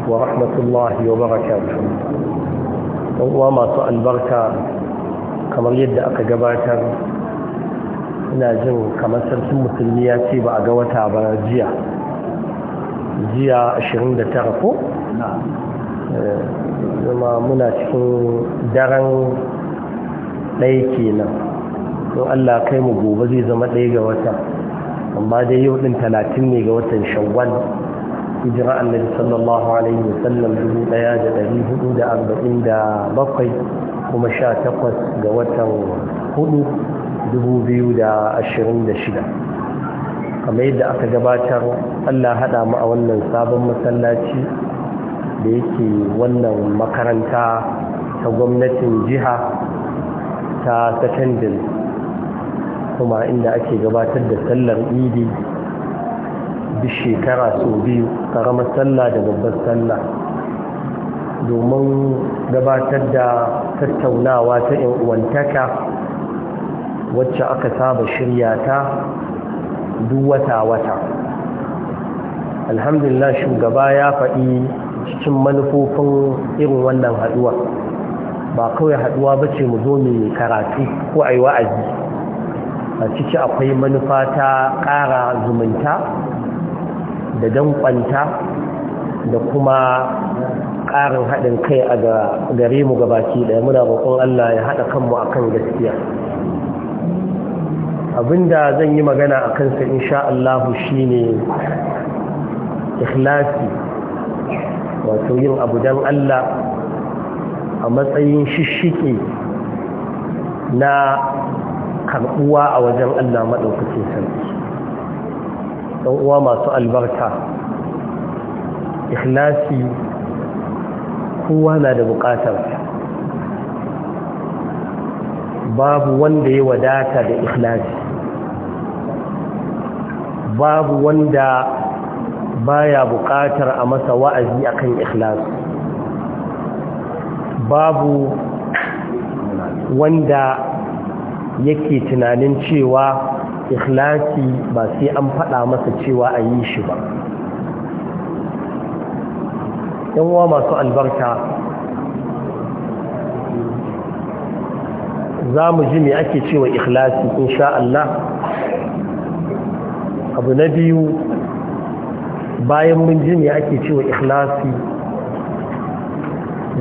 Wa ورحمة الله وبركاته وما سؤال بركة كما يدى أكجباتا ina jin kamar sarkin musulmi ya ce ba a ga wata ba jiya jiya 29 ko? zama muna cikin daren ɗaya kenan don allah kai mu gobe zai zama ɗaya ga wata amma dai yau ɗin talatin ne ga watan shawwal hijira annabi sallallahu alaihi wasallam dubu daya da dari hudu da arba'in da bakwai kuma sha takwas ga watan huɗu dubu biyu da ashirin da shida kamar yadda aka gabatar allah haɗa mu a wannan sabon masallaci da yake wannan makaranta ta gwamnatin jiha ta secondary kuma inda ake gabatar da sallar idi duk shekara sau biyu karamar sallah da babbar sallah domin gabatar da tattaunawa ta uwantaka wacce aka saba shirya ta duk wata-wata alhamdulillah shugaba ya faɗi cikin manufofin irin wannan haɗuwa ba kawai haɗuwa ba ce mu zo mai karatu ko a yi wa'azi a ciki akwai manufa ta ƙara zumunta da danƙwanta da kuma ƙarin haɗin kai a gare mu gabaki ɗaya muna roƙon Allah ya haɗa kanmu a kan gaskiya abinda zan yi magana a kansa insha shi ne ikhlasi wato yin abu don Allah a matsayin shishike na karɓuwa a wajen Allah maɗaukacin sarki ɗan uwa masu albarka ikhlasi kowa na da buƙatar babu wanda ya wadata da ikhlasi babu wanda baya buƙatar a masa wa'azi akan ikhlasi babu wanda yake tunanin cewa ikhlasi ba sai an faɗa masa cewa a yi shi ba uwa masu albarka za mu ji me ake cewa ikhlasi insha Allah abu na biyu bayan mun ji me ake cewa ikhlasi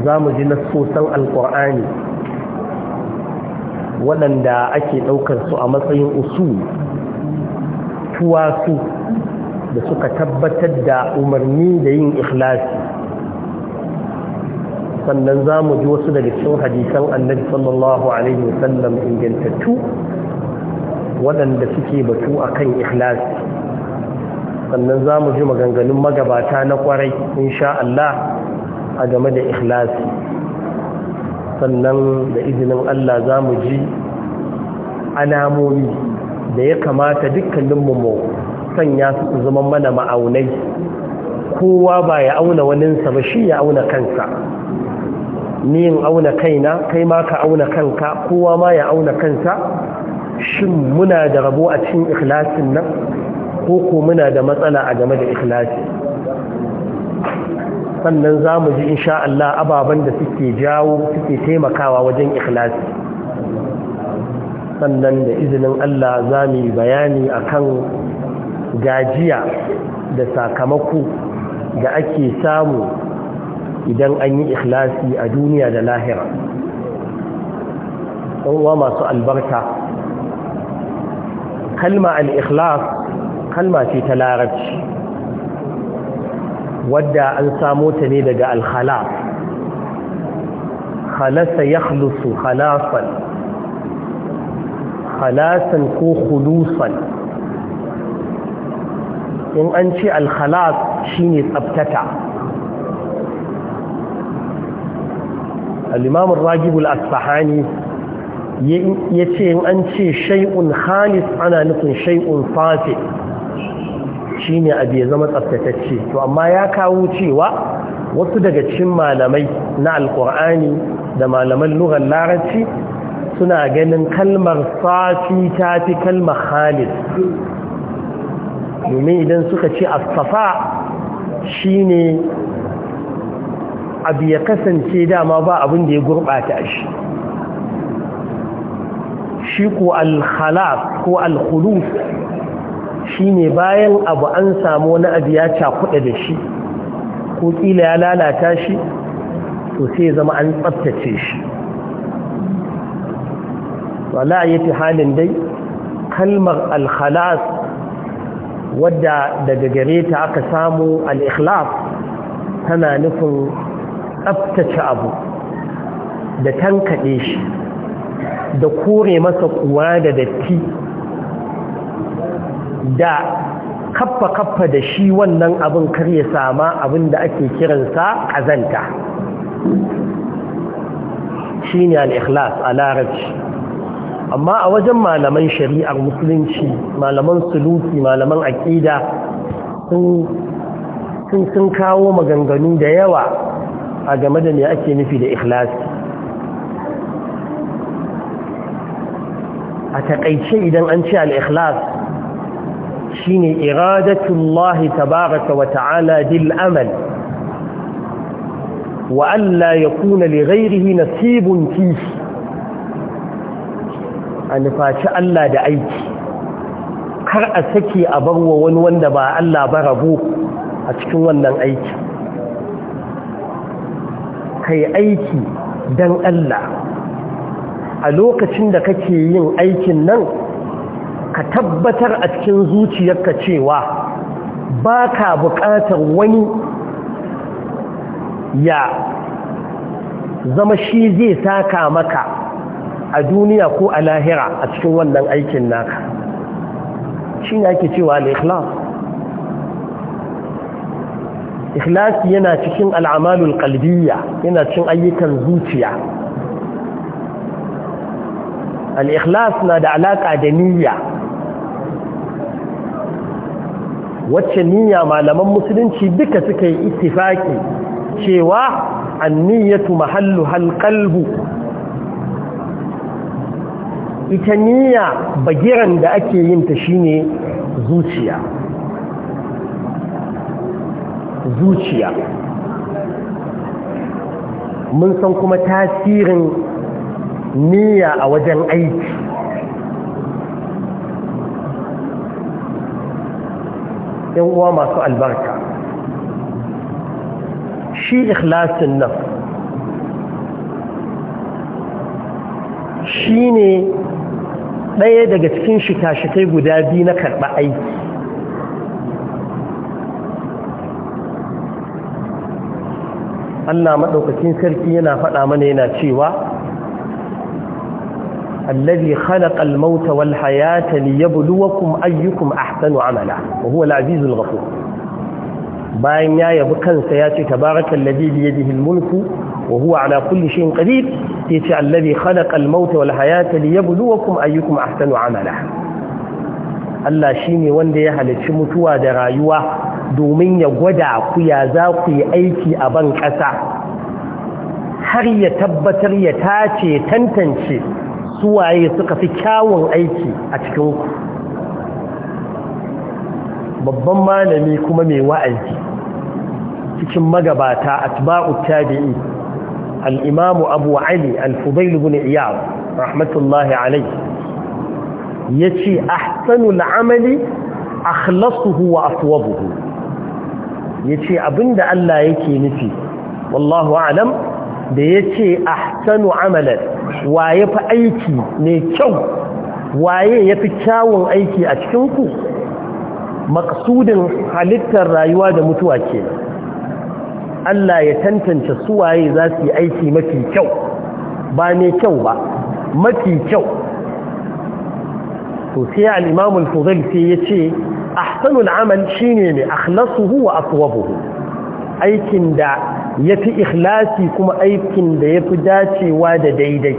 za mu ji sosan alkur'ani waɗanda ake ɗaukar su a matsayin usul tuwasu da suka tabbatar da umarni da yin ikhlasi sannan za mu ji wasu daga cikin hadisan annabi sallallahu alaihi wasallam ingantattu waɗanda suke batu a kan ikhlasi sannan za mu ji maganganun magabata na kwarai insha Allah a game da ikhlasi sannan da izinin Allah za mu ji alamomi da ya kamata dukkaninmu mu sanya su zama mana ma'aunai kowa ba ya auna waninsa ba shi ya auna kansa ni in auna kaina kai ma ka auna kanka kowa ma ya auna kansa shin muna da rabo a cikin ikhlasin nan ko ko muna da matsala a game da ikhlasi sannan za mu ji insha Allah ababen da suke jawo suke taimakawa wajen ikhlasi sannan da izinin Allah za mu yi bayani akan gajiya da sakamako da ake samu idan an yi ikhlasi a duniya da lahira uwa masu albarka kalma al-ikhlas kalma ce ta larabci wadda an samo ta ne daga alkhalas khalasa ya khulusu khalasan khalasan ko khulusan in an ce alkhalas shine tsabtata al-imam ar-ragib al-asfahani yace in an ce shay'un khalis ana nufin shay'un safi shine abu ya zama tsaftatacce to amma ya kawo cewa wasu daga cikin malamai na alkur'ani da malaman lugar larabci suna ganin kalmar safi ta fi kalmar halis domin idan suka ce astafa ne abu ya kasance dama ba abin da ya gurɓata shi shi ko alhalas ko alhulus shine bayan abu an samu wani abu ya cakuɗa da shi ko ƙila ya lalata shi to sai zama an tsabtace shi wala yati halin dai kalmar al-khalas wadda daga gare ta aka samu al tana nufin tsabtace abu da tankaɗe shi da kore masa kuwa da datti da kaffa kaffa da shi wannan abin kar sama abin da ake kiransa ƙazanta shi ne al'ikhlas a larabci amma a wajen malaman shari'ar musulunci malaman suluki malaman aƙida sun kawo maganganu da yawa a game da ne ake nufi da ikhlas a taƙaice idan an ce al'ikhlas shine iradatullahi tabaraka wa ta'ala bil amal wa Allah yakuna li ghayrihi nasibun fi an faci Allah da aiki kar a sake a barwa wani wanda ba Allah ba rabo a cikin wannan aiki kai aiki dan Allah a lokacin da kake yin aikin nan ka tabbatar a cikin zuciyarka cewa ba ka buƙatar wani ya zama shi zai saka maka a duniya ko a lahira a cikin wannan aikin naka shi ne ake cewa al'ikhlas Ikhlas yana cikin al'amalul kalbiya yana cikin ayyukan zuciya al'ikhlas na da alaƙa da niyya wacce niyya malaman musulunci duka suka yi ittifaki cewa anniyatu mahallu qalbu ita niyya bagiran da ake yin ta shine zuciya zuciya mun san kuma tasirin niyya a wajen aiki ‘yan uwa masu albarka shi ikhlasin nan shi ne ɗaya daga cikin shika-shikai guda biyu na karɓa aiki Allah maɗaukacin sarki yana faɗa mana yana cewa الذي خلق الموت والحياة ليبلوكم أيكم أحسن عملا وهو العزيز الغفور باين يا يبكن سياتي تبارك الذي بيده الملك وهو على كل شيء قدير يتي الذي خلق الموت والحياة ليبلوكم أيكم أحسن عملا Allah shi ne wanda ya halicci mutuwa da rayuwa domin ya gwada ku ya za ku yi aiki a ban ƙasa har ya tabbatar ya tace tantance suwaye suka fi kyawun aiki a cikin ku babban malami kuma mai wa'azi cikin magabata atba'u tabi'i al-imamu abu ali al-fudail ibn iyad rahmatullahi alayhi yace ahsanul amali akhlasuhu wa ya yace abinda Allah yake nufi wallahu a'lam da ya ce ahsanu amalan waye fi aiki mai kyau waye ya fi kyawun aiki a cikinku maksudin halittar rayuwa da mutuwa ke Allah ya tantance waye za su yi aiki mafi kyau ba ne kyau ba mafi kyau to sai al'imamul fuzil sai ya ce ahsanul amal shine ne akhlasuhu wa aswabuhu aikin da ya fi ikhlasi kuma aikin da ya fi dacewa da daidai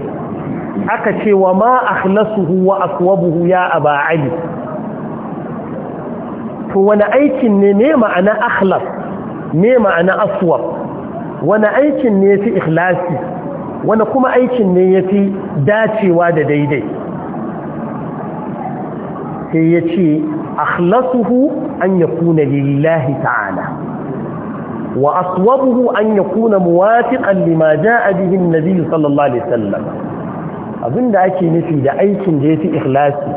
aka ce wa ma akhlasuhu wa aswabuhu ya aba ali to wani aikin ne ne ma'ana akhlas ne ma'ana aswab wani aikin ne ya fi ikhlasi wani kuma aikin ne ya fi dacewa da daidai sai ya ce akhlasuhu an kuna lillahi ta'ala وأصوبه أن يكون موافقا لما جاء به النبي صلى الله عليه وسلم abin da ake nufi da aikin da ya fi ikhlasi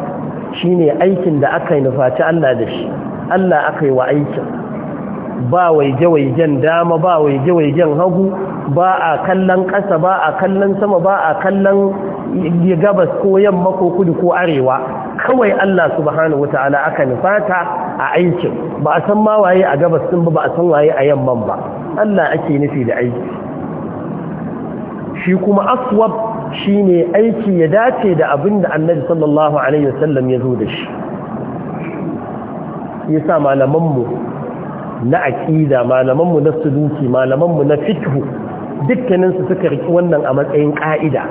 shine aikin da aka yi nufaci Allah da shi Allah aka yi wa aikin ba waije-waijen dama ba waije-waijen hagu ba a kallon ƙasa ba a kallon sama ba a kallon gabas ko yamma ko kudu ko arewa kawai Allah subhanahu ta'ala aka nufata a aikin ba a san ma waye a gabas din ba ba a san waye a yamman ba Allah ake nufi da aiki shi kuma aswab ne aiki ya dace da abin da Annabi sallallahu alaihi wasallam ya zo da shi yasa malaman mu na aƙida, malaman mu na suluki malaman mu na fiqh dukkanin suka riki wannan a matsayin ka'ida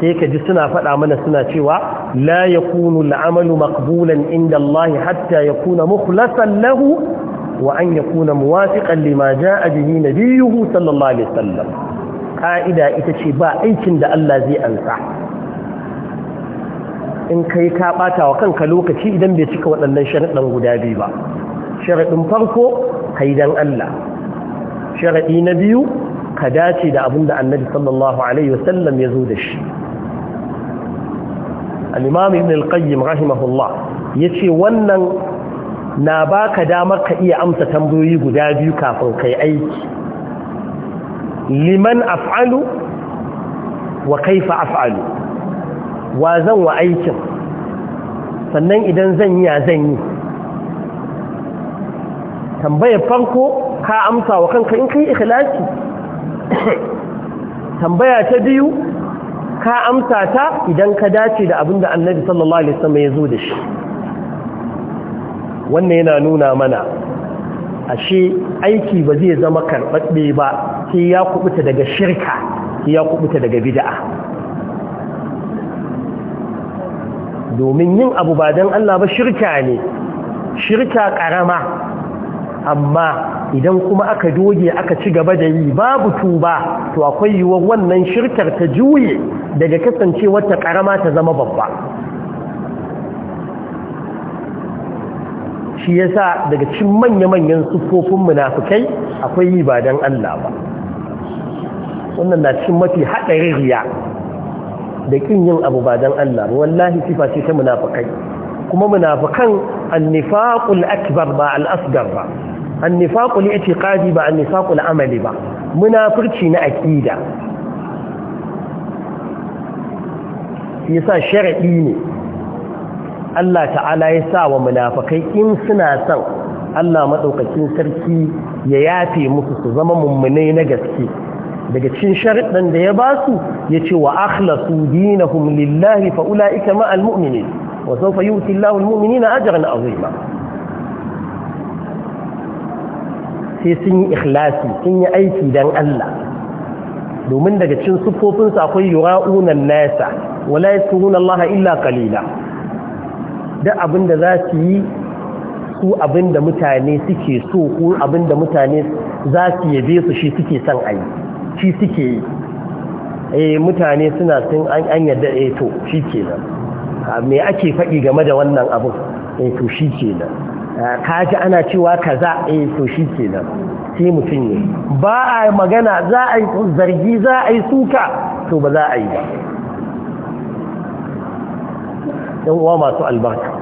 sai ka ji suna faɗa mana suna cewa la yakunu la'amalu maqbulan inda Allah hatta yakuna mukhlasan lahu wa an yakuna muwafiqan lima jaa bihi nabiyuhu sallallahu alaihi wasallam ka'ida ita ce ba aikin da Allah zai ansa in kai ka bata wa kanka lokaci idan bai cika waɗannan sharaɗin guda biyu ba sharaɗin farko kai dan Allah sharaɗi na biyu ka dace da abin da annabi sallallahu alaihi wasallam ya zo da shi al-imam ibn al-qayyim rahimahullah ce wannan na ba ka damar ka iya amsa tambayoyi guda biyu kafin kai aiki liman af'alu wa kaifa af'alu wa zan wa aikin sannan idan zan yi ya zan yi tambayar farko ka amsa wa kanka in kai ikhlasi tambaya ta biyu ka amsa ta idan ka dace da abin da annabi sallallahu alaihi wasallam ya zo da shi wannan yana nuna mana ashe aiki ba zai zama karɓaɓɓe ba sai ya kubuta daga shirka sai ya kubuta daga bid'a domin yin abu ba don Allah ba shirka ne shirka karama amma idan kuma aka doge aka ci gaba da yi babu tuba to akwai yiwuwar wannan shirkar ta juye daga kasancewar ta karama ta zama babba shi yasa daga cikin manya-manyan sufofin munafukai akwai yi ba don Allah ba wannan na cikin mafi haɗarin riya da ƙin yin abu ba don Allah ba wallahi sifa ce ta munafukai kuma munafukan annifaqul akbar ba al-asghar ba annifaqul i'tiqadi ba annifaqul amali ba munafurci na aqida yasa sharadi ne Allah ta'ala ya sa wa munafikai in suna son Allah madaukakin sarki ya yafe musu su zama mummunai na gaske daga cikin sharadin da ya basu yace wa akhlasu dinahum lillahi fa ulaika ma'al mu'minin wa sawfa yu'ti Allahu al-mu'minina ajran 'azima sai sun yi ikhlasi sun yi aiki don Allah domin daga cin siffofinsu akwai yura'unan nasa wala yasuruna Allah illa qalila duk abin da za su yi su abin da mutane suke so ko abin da mutane za su yabe su shi suke son ayi shi suke yi eh mutane suna sun an an yadda eh to shi nan ah, me ake faɗi game da wannan abin eh to shi nan. kaji ana cewa kaza eh to shi kenan sai mutum ne ba a magana za a yi zargi za a yi suka to ba za a yi ba yan uwa masu albarka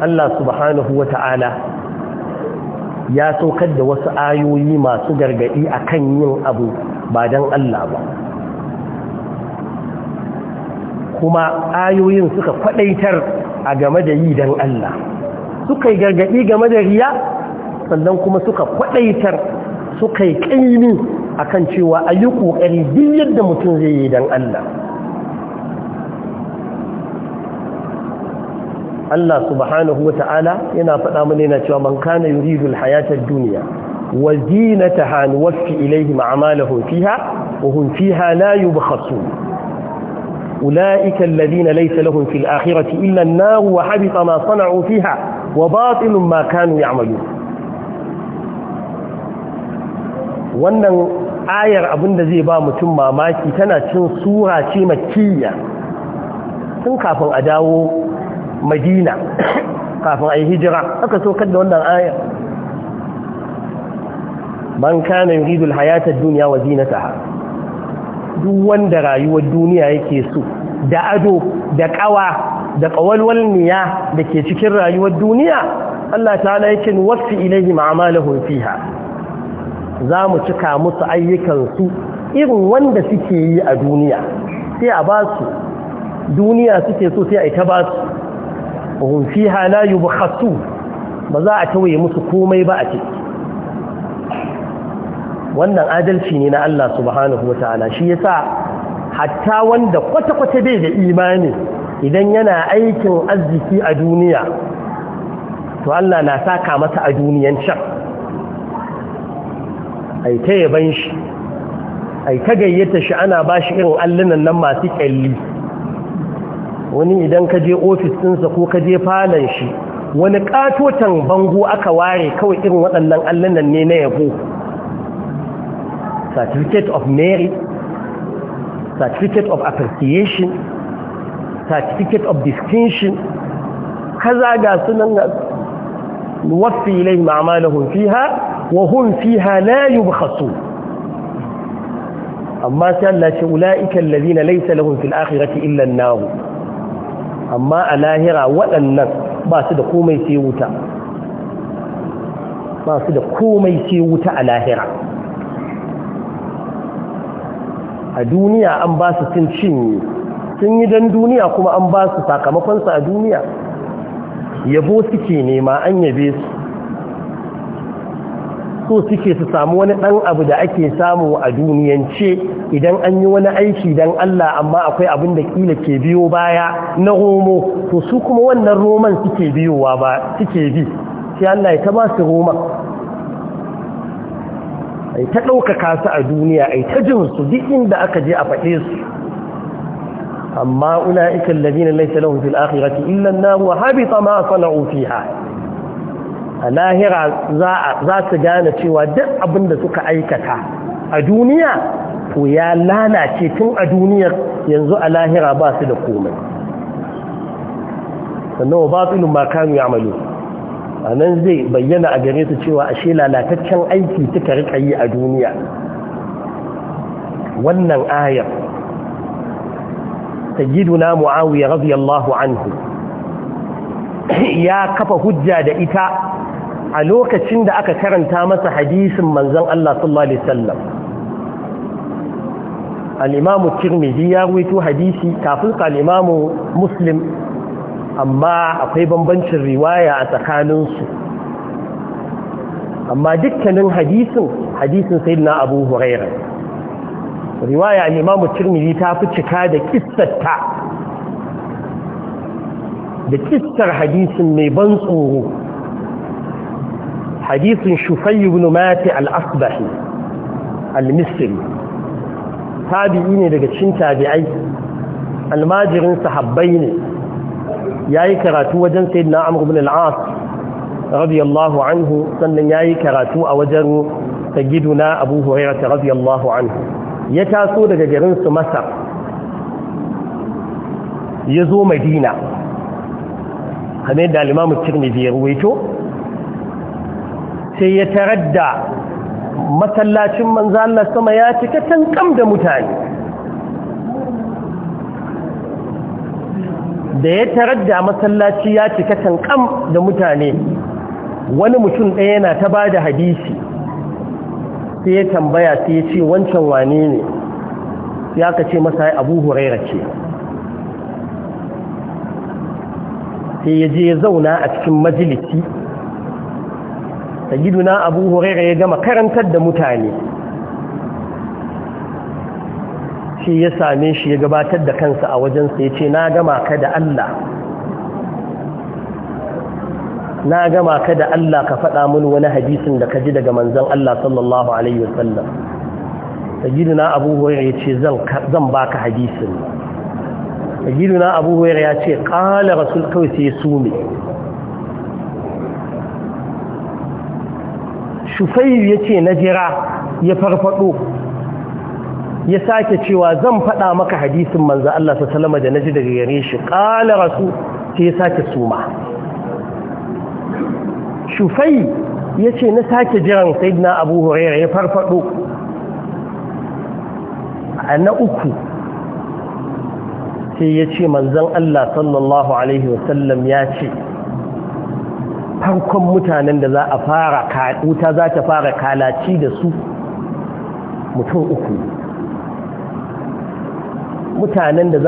Allah subhanahu wa ta'ala ya saukar da wasu ayoyi masu gargadi akan yin abu ba don Allah ba kuma ayoyin suka kwadaitar a game da yi don Allah suka yi gargaɗi game da riya sannan kuma suka kwaɗaitar suka yi ƙaimi a kan cewa a yi ƙoƙari duk yadda mutum zai yi don Allah Allah subhanahu wa ta'ala yana faɗa mana yana cewa man kana yuridul hayatar duniya wa zinataha nuwaffi ilaihim a'malahum fiha wa hum fiha la yubkhasun alladhina laysa lahum fil akhirati illa an إلا wa habita ma sana'u fiha wa batilun ma kanu ya'malu wannan ayar da zai ba mutum mamaki tana cin sura ce makiyya tun kafin a dawo madina kafin a yi hijira aka so da wannan ayar man kana yuridu alhayata ad-dunya wa zinataha duk wanda rayuwar duniya yake so da ado da kawa da ƙawalwal niya da ke cikin rayuwar duniya Allah ta'ala yake wasu ilaihi ma'amalahum fiha za mu cika musu ayyukansu irin wanda suke yi a duniya sai a ba su duniya suke so sai a ta ba su hum fiha la ba za a tawaye musu komai ba a ciki wannan adalci ne na Allah subhanahu wa ta'ala shi yasa hatta wanda kwata-kwata bai da imani idan yana aikin arziki a duniya to Allah na saka masa a duniyan can ai ta yaban shi ai ta gayyata shi ana ba shi irin allunan nan masu kyalli wani idan ka je ofis ɗinsa ko ka je falon shi wani katotan bango aka ware kawai irin waɗannan allunan ne na yabo certificate of merit certificate of appreciation certificate of distinction kaza ga sunan nuwaffi ilayhim a'malahum fiha wa hum fiha la yubkhasun amma sai Allah ce ulaika alladhina laysa lahum fil akhirati illa an amma a lahira waɗannan ba su da komai sai wuta ba su da komai sai wuta a lahira a duniya an ba su cin cinye sun yi don duniya kuma an ba su sakamakonsa a duniya yabo suke nema an yabe su so suke su samu wani ɗan abu da ake samu a duniyance idan an yi wani aiki don Allah amma akwai abin da kila ke biyo baya na romo to su kuma wannan roman suke biyowa ba suke bi sai Allah ya ta ba su roman ai ta ɗaukaka su a duniya ai ta jin su duk inda aka je a faɗe su amma ula’ikan lalina laisa lahun fil akhirati illa na wa habita ma sana’o fiha a lahira za ta gane cewa duk abin da suka aikata a duniya ko ya lalace tun a duniyar yanzu a lahira ba su da komai sannan wa ba su ilu makamu ya malo a nan zai bayyana a gare su cewa ashe shi lalataccen aiki suka rika yi a duniya wannan ayar sayyiduna muawiya radiyallahu anhu ya kafa hujja da ita a lokacin da aka karanta masa hadisin manzon Allah sallallahu alaihi wasallam al-imam tirmidhi ya rawaito hadisi kafin ka al-imam muslim amma akwai bambancin riwaya a tsakaninsu amma dukkanin hadisin hadisin sayyidina abu hurairah riwaya al-imamu tirmidhi ta fi cika da kissarta da kissar hadisin mai ban tsoro hadisin shufayy ibn mati al-asbahi al-misri tabi'i ne daga cikin tabi'ai almajirin sahabbai ne yayi karatu wajen sayyidina amr ibn al-as radiyallahu anhu sannan yayi karatu a wajen sayyiduna abu hurairah radiyallahu anhu ya taso daga garin su masar ya zo madina kamar yadda alimamu tirmidhi ya ruwaito sai ya tarar da masallacin manzo sama ya cika tankam da mutane da ya tarar da masallaci ya cika tankam da mutane wani mutum ɗaya yana ta ba da hadisi sai ya tambaya sai ya ce wancan wane ne sai aka ce masa ya abu huraira ce sai ya je ya zauna a cikin majalisi da giduna abu huraira ya gama karantar da mutane shi ya same shi ya gabatar da kansa a wajensa ya ce na gama ka da Allah na gama ka da Allah ka faɗa mun wani hadisin da ka ji daga manzon Allah sallallahu alaihi wasallam sayyidina Abu Hurairah yace zan zan baka hadisin sayyidina Abu Hurairah yace qala rasul kawai sai sume Shufayyu yace na jira ya farfado ya sake cewa zan faɗa maka hadisin manzon Allah sallallahu alaihi wasallam da naji daga gare shi qala rasul sai ya sake suma shufai ya ce na sake jiran saidina abu huraira ya farfado a na uku sai ya ce manzan Allah sallallahu Alaihi wasallam ya ce farkon mutanen da za a fara wuta za ta fara kalaci da su mutum uku mutanen da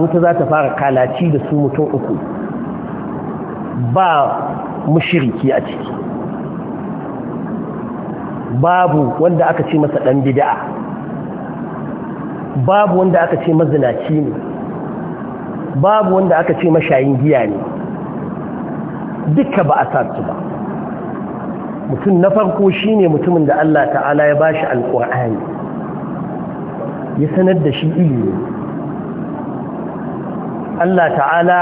wuta za ta fara kalaci da su mutum uku ba mushiriki a ciki babu wanda aka ce masa ɗan bida'a babu wanda aka ce mazinaci ne babu wanda aka ce mashayin giya ne duka ba a sa ba mutum na farko ne mutumin da Allah ta'ala ya bashi alƙur'ani ya sanar da shi ilimi Allah ta'ala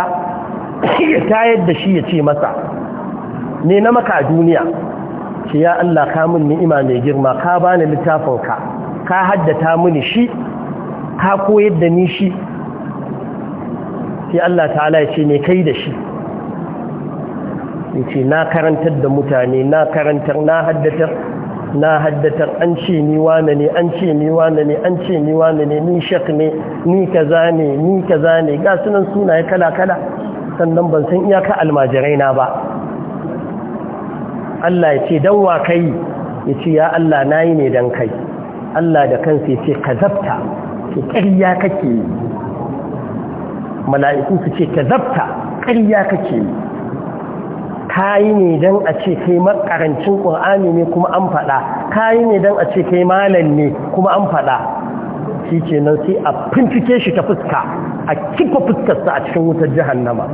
ya tayar da shi ya ce masa ne na maka a duniya ce ya Allah ka min ni'ima mai girma ka bani littafin ka ka haddata mini shi ka koyar da ni shi sai Allah ta'ala ya ce ne kai da shi ya na karantar da mutane na karantar na haddatar na haddatar an ce ni wane ne an ce ni wane ne an ce ni wane ne ni shek ne ni kaza ne ni kaza ne ga sunan sunaye kala kala sannan ban san iyaka almajirai na ba Allah ya ce dawwa kai ya ce ya Allah na yi ne don kai Allah da kansa ya ce ka zabta ce ƙarya kake yi mala'iku su ce ka zabta ƙarya kake yi ka yi ne don a ce kai makarancin ƙur'ani ne kuma an faɗa ka yi ne don a ce kai malam ne kuma an faɗa shi ce nan sai a fintike shi ta fuska a kifa fuskarsa a cikin wutar jihannama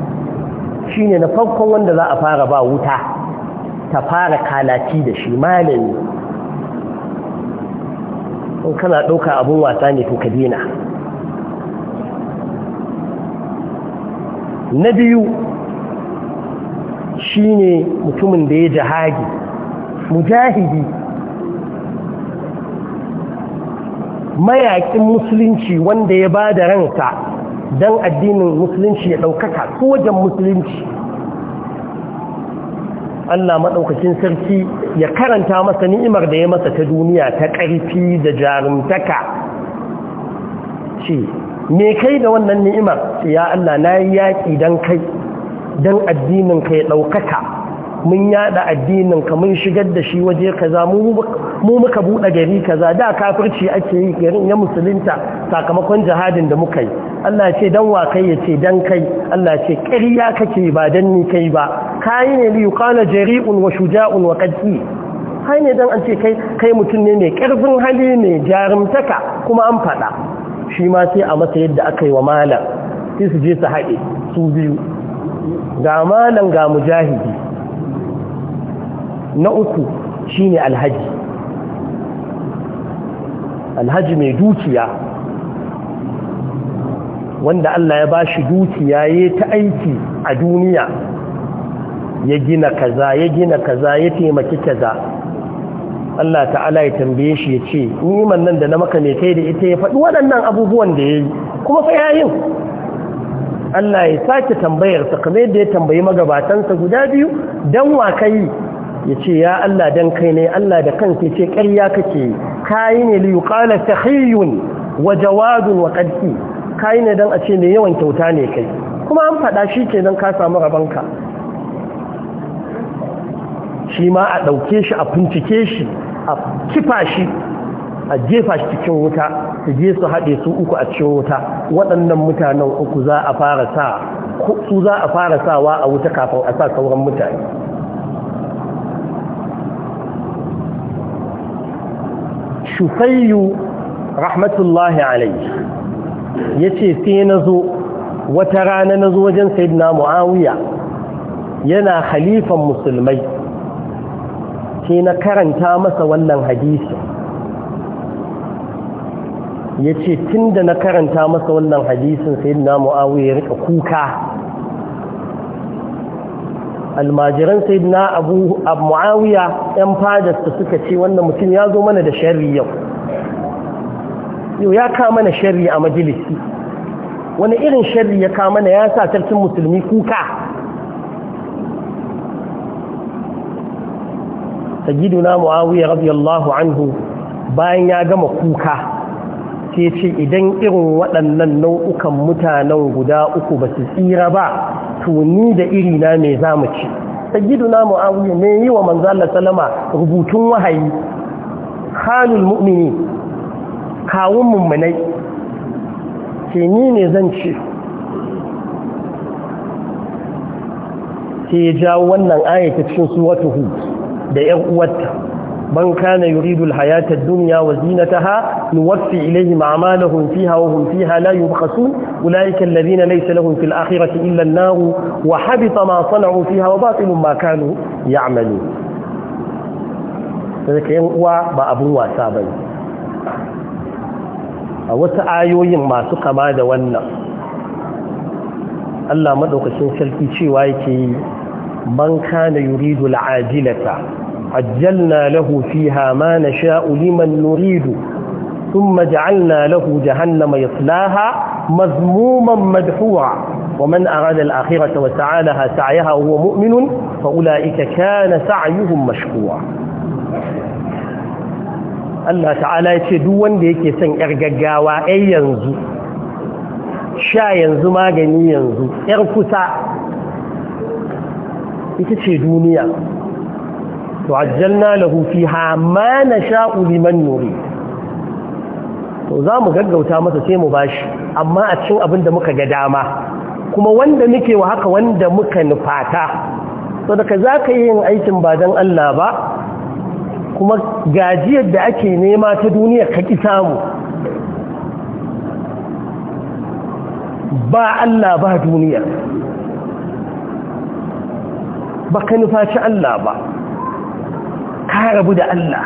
shi ne na farkon wanda za a fara ba wuta ta fara kalaci da shi malami in kana ɗauka abin wasa ne to ka dina na biyu shine mutumin da ya jihadi mujahidi mayakin musulunci wanda ya ba da ransa don addinin musulunci ya ɗaukaka wajen musulunci Allah maɗaukacin sarki ya karanta masa ni'imar da ya masa ta duniya ta ƙarfi da jarumtaka ce me kai da wannan ni'imar ya Allah na yi yaƙi don kai don addininka ya ɗaukaka mun yaɗa ka mun shigar da shi waje kaza mu muka buɗe gari kaza da kafirci ake yi garin ya musulunta sakamakon jihadin da muka yi Allah ce don wa kai ya ce don kai Allah ce ƙarya kake ba don ni kai ba kayi ne li yuqala jari'un wa shuja'un wa qad'i kai ne dan an ce kai kai mutum ne mai karfin hali ne jarumtaka kuma an fada shi ma sai a masa yadda aka yi wa malam sai su je su haɗe su biyu ga malam ga mujahidi na uku shine alhaji alhaji mai dukiya wanda Allah ya ba shi dukiya ya ta aiki a duniya ya gina kaza ya gina kaza ya taimaki kaza Allah ta'ala ya tambaye shi ya ce niman nan da na maka ne kai da ita ya faɗi waɗannan abubuwan da ya yi kuma fa yayin Allah ya sake tambayar sa kamar yadda ya tambayi magabatansa guda biyu dan wa kai ya ce ya Allah dan kai ne Allah da kansa ya ce ƙarya kake kayi ne li yuqala sahiyun wa jawadun wa qadki kayi ne dan a ce ne yawan kyauta ne kai kuma an faɗa shi kenan ka samu rabanka shi ma a ɗauke shi a bincike shi a kifa shi a jefa shi cikin wuta su je su haɗe su uku a cikin wuta waɗannan mutanen uku za a fara sa su za a fara sawa a wuta kafin a sa sauran mutane shufayyu rahmatullahi alaihi ya ce sai na wata rana na zo wajen sayid mu'awiya yana khalifan musulmai sai na karanta masa wannan hadisi ya ce tun da na karanta masa wannan hadisin sai na mu'awu ya rika kuka almajiran sai na abu mu'awiya 'yan fadarsa suka ce wannan mutum ya zo mana da shari yau yau ya kama na shari a majalisi wani irin shari ya kama na ya sa sarkin musulmi kuka sayyiduna muawiya radiyallahu anhu bayan ya gama kuka Ke ce idan irin waɗannan nau'ukan mutanen guda uku ba su tsira ba to ni da irina me za mu ci sayyiduna muawiya me yi wa manzo Allah rubutun wahayi halul mu'mini kawun mummunai Ke ni ne zan ci Ke jawo wannan ayata cikin suratu hud da ‘yan uwarta ban kana yuridu alhayata ad-dunya wa zinataha nuwaffi ilayhim a'malahum fiha wa hum fiha la yubkhasun ulaika alladhina laysa lahum fil akhirati illa an-nar wa habita ma sana'u fiha wa batilun ma kanu ya'malun sai kayan uwa ba abun wasa bane a wata ayoyin masu kama da wannan Allah madaukakin sarki cewa yake man kana yuridu al'ajilata عجلنا له فيها ما نشاء لمن نريد ثم جعلنا له جهنم يصلاها مذموما مدحوعا ومن أراد الآخرة وسعى لها سعيها وهو مؤمن فأولئك كان سعيهم مشكوعا الله تعالى يتدون ce duk wanda وأي ينزو شا ينزو ما جني ينزو yanzu magani to ajjalna lahu fiha ma nasha'u liman to za mu gaggauta masa sai mu bashi amma a cikin abin da muka ga dama kuma wanda muke wa haka wanda muka nufata to daga za ka yi yin aikin ba don Allah ba kuma gajiyar da ake nema ta duniya ka ƙi samu ba Allah ba duniya ba ka nufaci Allah ba ka rabu da Allah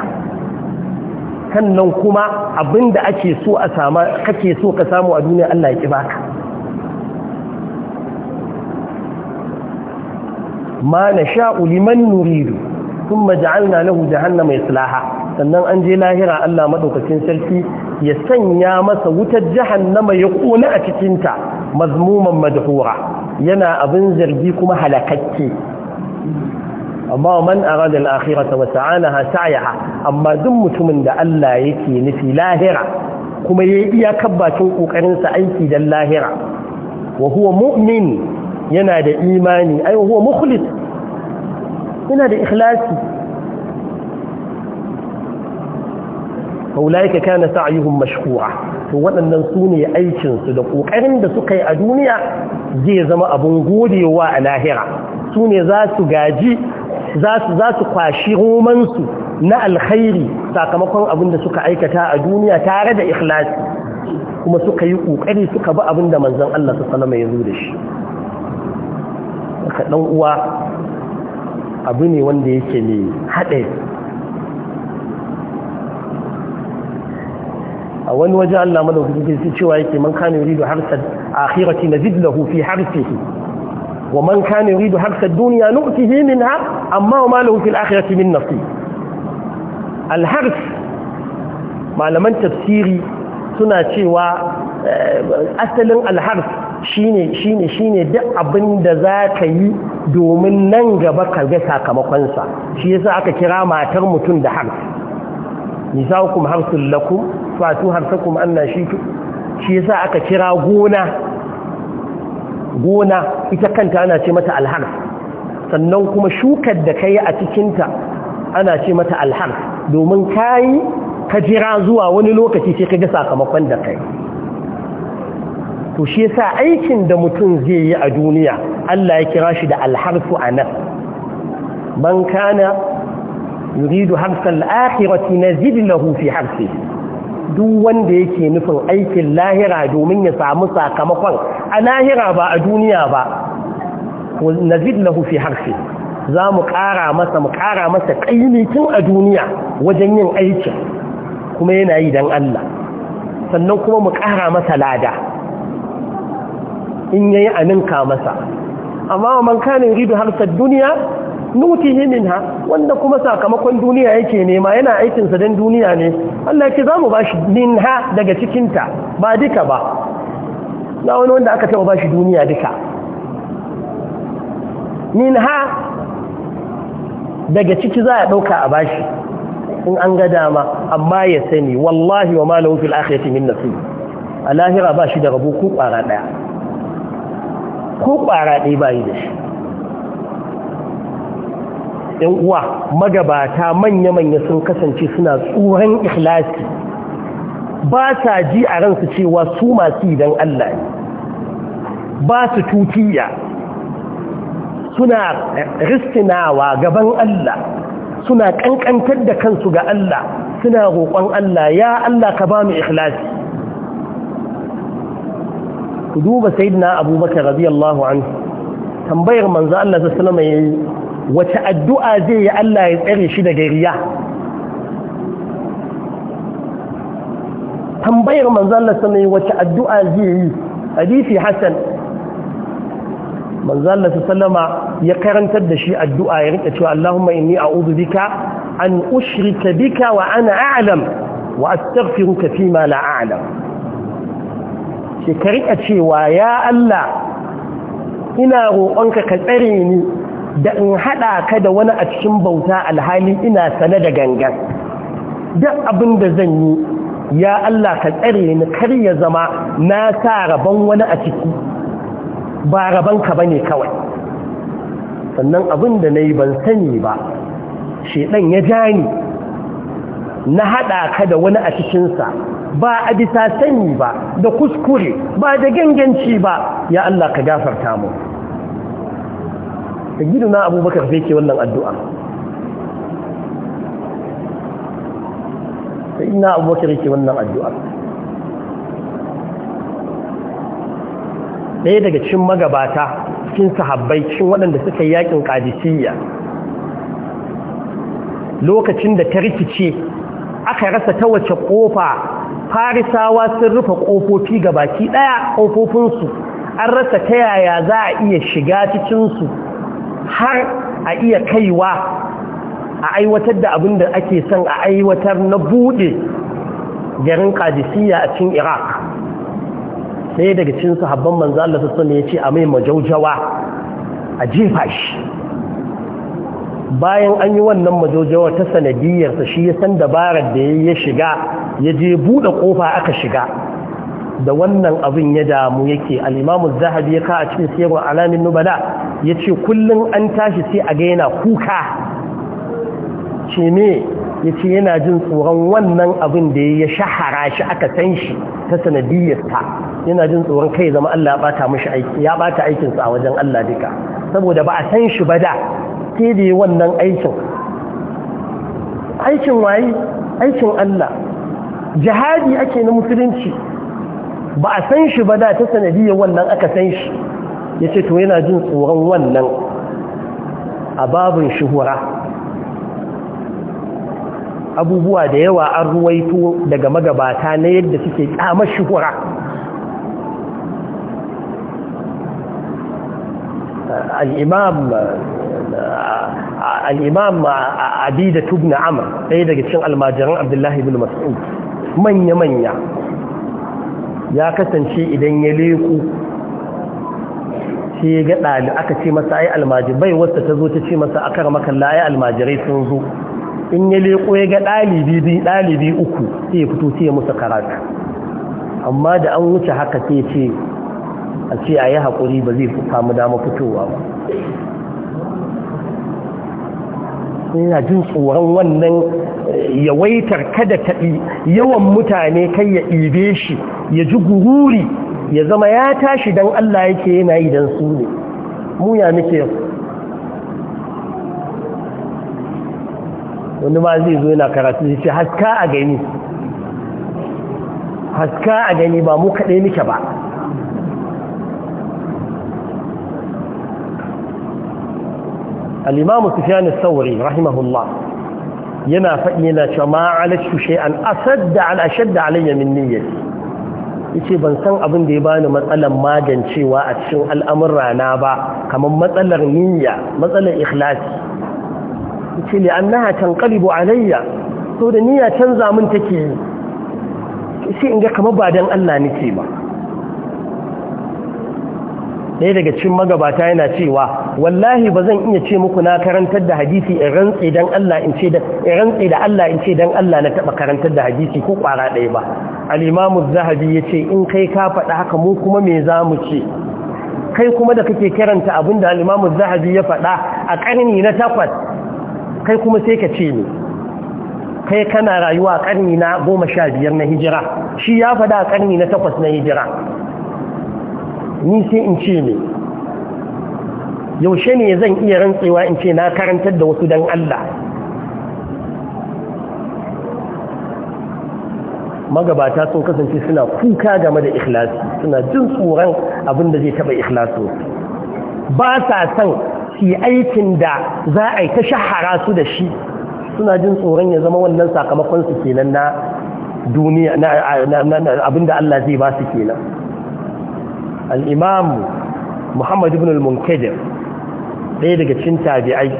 sannan kuma abinda ake so a sama kake so ka samu a duniya Allah ya ki baka ma nasha'u liman nuridu thumma ja'alna lahu jahannama yaslaha sannan an je lahira Allah madaukakin sarki ya sanya masa wutar jahannama ya kona a cikinta mazmuman madhura yana abin zargi kuma halakakke amma man arada al-akhirata wa sa'alaha sa'yaha amma duk mutumin da Allah yake nufi lahira kuma yayi iyakar bakin kokarin sa aiki dan lahira wa huwa mu'min yana da imani ai huwa mukhlis yana da ikhlasi faulaika kana sa'yuhum mashkura to waɗannan su ne aikin su da ƙoƙarin da suka yi a duniya zai zama abun godewa a lahira su ne za su gaji za su kwashi romansu na alkhairi sakamakon abin da suka aikata a duniya tare da ikhlasi kuma suka yi kokari suka bi abin da manzon Allah sallallahu ya zo da shi ka dan uwa abu ne wanda yake ne haɗe a wani waje Allah madaukakin sai cewa yake man kana yuridu harsad akhirati nazid lahu fi harsihi ومن كان يريد yuridu الدنيا نؤته منها أما amma له في الآخرة من min nasib مع لمن malaman tafsiri suna cewa asalin shine shine shine duk abin da zaka yi domin nan gaba ka ga sakamakon sa shi yasa aka kira matar mutum da hars nisaukum harsul lakum fatu harsakum annashi. shi yasa aka kira gona gona ita kanta ana ce mata alharf sannan kuma shukar da ka yi a cikinta ana ce mata alhar domin ka yi ka jira zuwa wani lokaci sai ka ga sakamakon da kai to shi yasa aikin da mutum zai yi a duniya Allah ya kira shi da alharfu nan man kana yuridu harfal akhirati nazid lahu fi harfihi duk wanda yake nufin aikin lahira domin ya samu sakamakon a lahira ba a duniya ba nazid lahu fi harfi za mu ƙara masa mu ƙara masa ƙaimi tun a duniya wajen yin aikin kuma yana yi don Allah sannan kuma mu ƙara masa lada in yayi ninka masa amma man kanin ridu harsar duniya nutihi minha wanda kuma sakamakon duniya yake nema yana aikinsa dan duniya ne Allah yake za mu ba shi minha daga cikinta ba duka ba na wani wanda aka taɓa ba shi duniya duka minha daga ciki za a ɗauka a bashi in an ga dama amma ya sani wallahi wa malahu fil akhirati min nasib a lahira ba shi da rabu ko ƙwara ɗaya ko ƙwara ɗaya ba yi da shi yan uwa magabata manya-manya sun kasance suna tsoron ikhlasi ba sa ji a ransu cewa su masu idan Allah ne ba su tutiya suna ristinawa gaban Allah suna ƙanƙantar da kansu ga Allah suna roƙon Allah ya Allah ka ba mu ikhlasi ku duba sayyidina abubakar radiyallahu anhu tambayar manzo Allah sallallahu alaihi wasallam wace addu'a zai yi Allah ya tsare shi daga riya tambayar manzan Allah sannan wace addu'a zai yi hadisi Hassan manzan Allah ya karantar da shi addu'a ya rika cewa Allahumma inni a'udhu bika an ushirika bika wa ana a'lam wa astaghfiruka fima la a'lam shi ka cewa ya Allah ina roƙonka ka tsare ni da in haɗa ka da wani a cikin bauta alhali ina sane da gangan duk abin da zan yi ya Allah ka tsare ni kar ya zama na sa rabon wani a ciki ba rabon ka bane kawai sannan abin da nayi ban sani ba shedan ya jani na haɗa ka da wani a cikin sa ba a bisa sani ba da kuskure ba da ganganci ba ya Allah ka gafarta mu na abubakar sai ke wannan addu'a ina abubakar ke wannan addu'a ɗaya daga cikin magabata cikin sahabbai cikin waɗanda suka yi yakin ƙadisiyya lokacin da ta rikice aka rasa ta wace ƙofa farisawa sun rufe ƙofofi ga baki ɗaya ƙofofinsu an rasa ta yaya za a iya shiga cikinsu har a iya kaiwa a aiwatar da abin da ake son a aiwatar na bude garin kadisiyya a cin iraq sai daga su sahabban manzo Allah sani yace a mai majaujawa a jefa shi bayan an yi wannan majaujawa ta sanadiyyarsa shi ya san dabarar da ya shiga ya je buɗe ƙofa aka shiga da wannan abin ya damu yake al'imamu zahabi ya ka a cikin siyarwa alamin nubala ya ce kullum an tashi sai a ga yana kuka ce ya ce yana jin tsoron wannan abin da ya shahara shi aka san shi ta sanadiyarta yana jin tsoron kai zama Allah ya bata aikinsa a wajen Allah duka saboda ba a san shi ba da ke da wannan aikin aikin waye aikin Allah jihadi ake na musulunci ba a san shi ba da ta sanadiyar wannan aka san shi ya ce to yana jin tsoron wannan a babin shuhura abubuwa da yawa an ruwaito daga magabata na yadda suke kama shuhura al'imam al'imam abida tubna amur ɗaya daga cin almajiran abdullahi bin mas'ud manya-manya ya kasance idan ya leku sai ga ɗali aka ce masa ai almajirai bai wasta ta zo ta ce masa akar makalla ai almajirai sun zo in ya leku ya ga ɗalibi ɗalibi uku sai ya fito sai ya musa karatu amma da an wuce haka sai ce a ce a yi haƙuri ba zai samu dama fitowa ba yana jin tsoron wannan eh, yawaitar kada ta yawan mutane kai ya ibe shi ya ji gururi ya zama ya tashi don Allah yake yana yi don su ne mu ya muke wani ma zai zo yana karatu zai ce haska a gani haska a gani ba mu kaɗai muke ba Alimamu imamu sauri as-sawri rahimahullah yana faɗi yana cewa ma alatu shay'an asadda an ashadda alayya min niyyati ban san abin da ya bani matsalar magancewa a cikin al'amurra na ba kamar matsalar niyya matsalar ikhlasi yace li annaha tanqalibu alayya to da niyya canza min take sai in ga kamar ba dan Allah nake ba ɗaya daga cikin magabata yana cewa wallahi ba zan iya ce muku na karantar da hadisi in rantsi dan Allah in ce da Allah in ce dan Allah na taba karantar da hadisi ko kwara ɗaya ba al-Imam az-Zahabi yace in kai ka faɗa haka mu kuma me za mu ce kai kuma da kake karanta abinda al-Imam az-Zahabi ya faɗa a ƙarni na takwas kai kuma sai ka ce ni kai kana rayuwa a ƙarni na 15 na hijira shi ya faɗa a ƙarni na takwas na hijira ni sai in ce ne yaushe ne zan iya rantsewa in ce na karantar da wasu don Allah magabata sun kasance suna kuka game da ikhlasi suna jin tsoron abin da zai taba ikhlasu ba sa son shi aikin da za a yi ta shahara su da shi suna jin tsoron ya zama wannan sakamakon su kenan na duniya na abin da Allah zai ba su kenan al'imam Muhammadu ibn al-munkadir ɗaya daga cin tabi'ai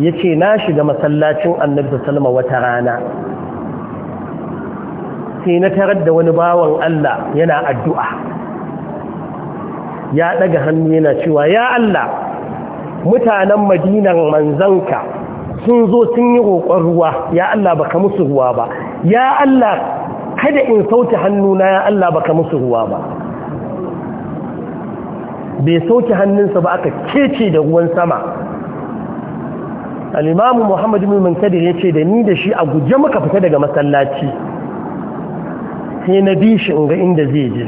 ya ce na shiga masallacin annabi salama wata rana sai na tarar da wani bawan Allah yana addu'a ya ɗaga hannu yana cewa ya Allah mutanen madinan manzanka sun zo sun yi roƙon ruwa ya Allah baka musu ruwa ba ya Allah kada in sauta hannuna ya Allah baka musu ruwa ba bai sauke hannunsa ba aka kece da ruwan sama al'imamu muhammadu bin mankadir ya ce da ni da shi a guje muka fita daga masallaci sai na bi shi in ga inda zai je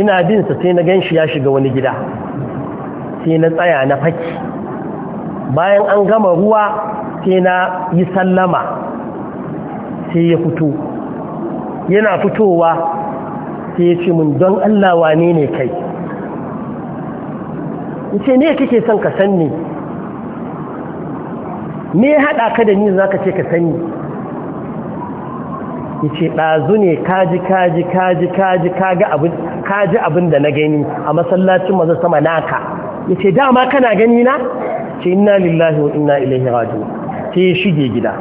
ina binsa sai na gan shi ya shiga wani gida sai na tsaya na faki bayan an gama ruwa sai na yi sallama sai ya fito yana fitowa sai ya ce mun don Allah wane ne kai ce ne kake son ka san ne me haɗa ka da ni zaka ce ka sanni yace ce ɗazu ne kaji kaji kaji kaji kaji abin da na gani a masallacin maza sama naka Yace dama kana gani na ce inna lillahi wa inna ilaihi raji'un ce shige gida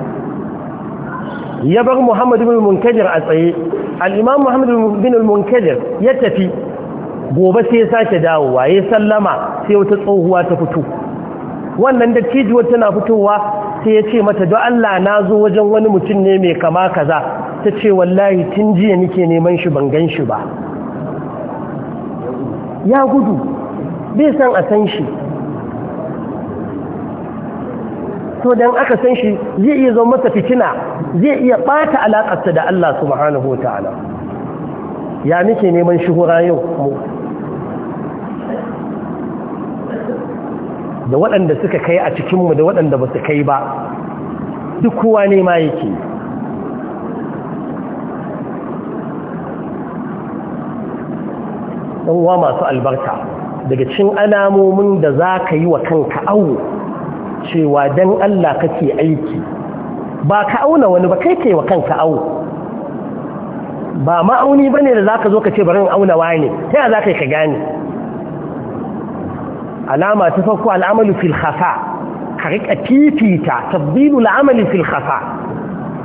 ya bar muhammadu bin munkadir a tsaye al-imam muhammadu bin munkajir ya tafi gobe sai ya sake dawowa ya sallama sai wata tsohuwa ta fito wannan da tana fitowa sai ya ce mata don Allah na zo wajen wani mutum ne mai kama kaza ta ce wallahi tun jiya nike neman shi ban gan shi ba ya gudu bai san a san shi to dan aka san shi zai iya zo masa fitina zai iya ɓata alaƙarsa da Allah subhanahu wa ta'ala ya nike neman shuhura yau da waɗanda suka kai a cikinmu da waɗanda ba su kai ba duk kowa ne ma yake ɗanwa masu albarka daga cin alamomin da za ka yi wa kanka awo cewa don Allah kake aiki ba ka auna wani ba kai ke wa kanka awo ba ma'auni ba ne da za ka zo ka ce barin auna wa ne ta yaya za ka yi ka gane alama ta farko al'amalu fil khafa ka rika fifita tabbilu al'amali fil khafa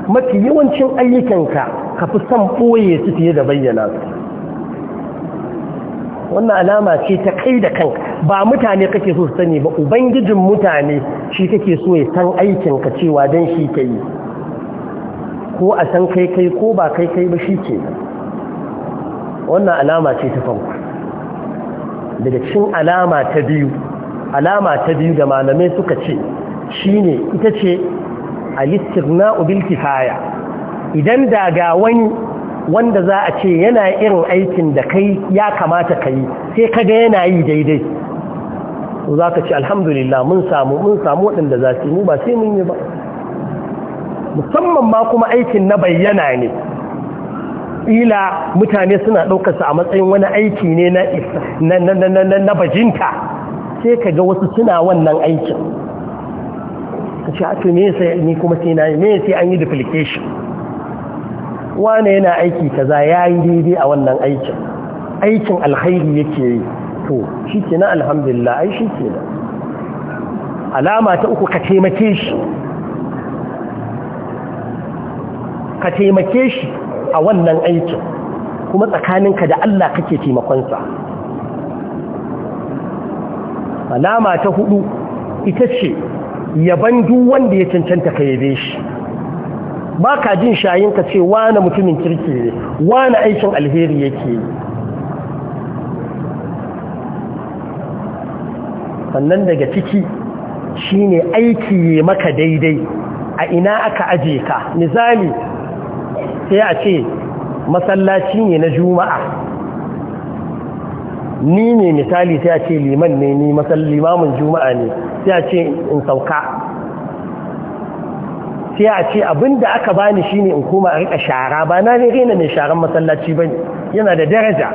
mafi yawancin ayyukanka ka fi son boye su fiye da bayyana su wannan alama ce ta kai da kanka ba mutane kake so su sani ba ubangijin mutane shi kake so ya san aikinka cewa dan shi ka yi ko a san kai kai ko ba kai kai ba shi ke wannan alama ce ta farko daga cin alama ta biyu alama ta biyu da malamai suka ce shine ita ce al-istighna'u kifaya idan da ga wani wanda za a ce yana irin aikin da kai ya kamata ka yi sai kaga yana yi daidai to za ka ce alhamdulillah mun samu mun samu waɗanda za su yi mu ba sai mun yi ba musamman ma kuma aikin na bayyana ne kila mutane suna ɗaukarsa a matsayin wani aiki ne na bajinta sai ka ga wasu suna wannan aikin ka ce a me sai ni kuma sai na me sai an yi duplication wane yana aiki kaza ya yi daidai a wannan aikin aikin alkhairi yake yi to shi ke na alhamdulillah ai shi ke alama ta uku ka taimake shi ka taimake shi a wannan aikin kuma tsakaninka da Allah kake taimakonsa alama ta hudu ita ce yaban duk wanda ya cancanta ka yabe shi ba ka jin shayinka ce wane mutumin kirki ne wane aikin alheri yake yi sannan daga ciki shine aiki maka daidai a ina aka aje ka nizami. sai a ce masallaci ne na juma'a ni ne misali sai a ce liman ne ni limamin juma'a ne sai a ce in sauka sai a ce abinda aka bani shine in koma a rika shara ba na ne rena mai sharan masallaci bane yana da daraja